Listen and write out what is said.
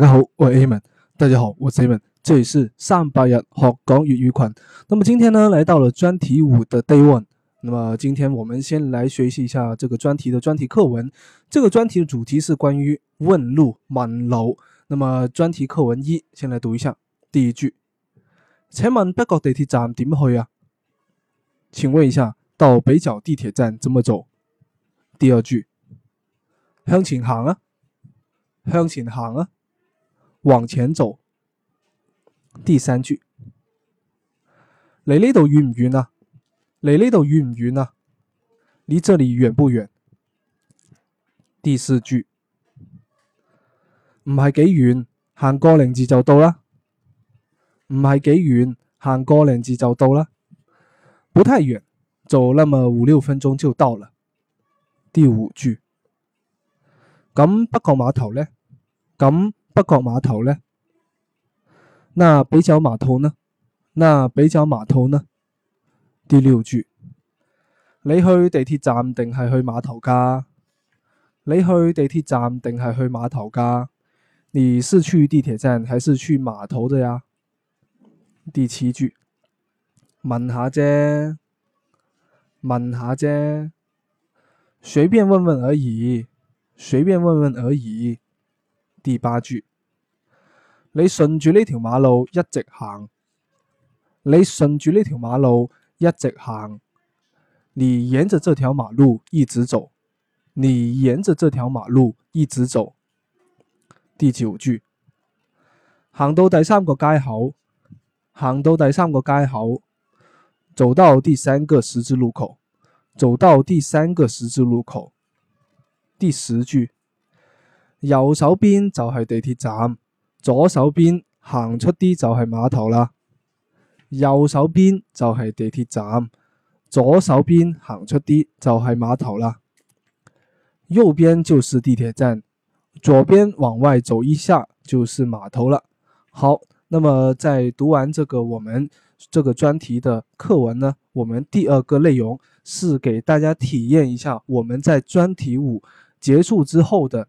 大家好，我係 Aman。大家好，我係 Aman。這裏是上百日學講粵語群。那麼今天呢，來到了專題五的 Day One。那麼今天我們先來學習一下這個專題的專題課文。這個專題的主題是關於問路滿樓。那麼專題課文一，先來讀一下第一句：請問北角地鐵站點去啊？請問一下，到北角地鐵站怎麼走？第二句：向前行啊，向前行啊。往前走。第三句，離呢度遠唔遠啊？離呢度遠唔遠啊？離這裏遠不遠？第四句不是，唔係幾遠，行個零字就到啦。唔係幾遠，行個零字就到啦。不太遠，走那麼五六分鐘就到了。第五句，咁北角碼頭呢？咁？北角碼頭呢，那北角碼頭呢？那北角碼頭呢？第六句，你去地鐵站定係去碼頭噶？你去地鐵站定係去碼頭噶？你是去地鐵站還是去碼頭的呀？第七句，問下啫，問下啫，隨便問問而已，隨便問問而已。第八句，你順住呢條馬路一直行，你順住呢條馬路一直行，你沿着這條馬路一直走，你沿着這條馬路一直走。第九句，行到第三個街口，行到第三個街口，走到第三個十字路口，走到第三個十字路口。第十句。右手邊就係地鐵站，左手邊行出啲就係碼頭啦。右手邊就係地鐵站，左手邊行出啲就係碼頭啦。右邊就是地鐵站，左邊往外走一下就是碼頭啦。好，那麼在讀完這個我們這個專題的課文呢，我們第二個內容是給大家體驗一下我們在專題五結束之後的。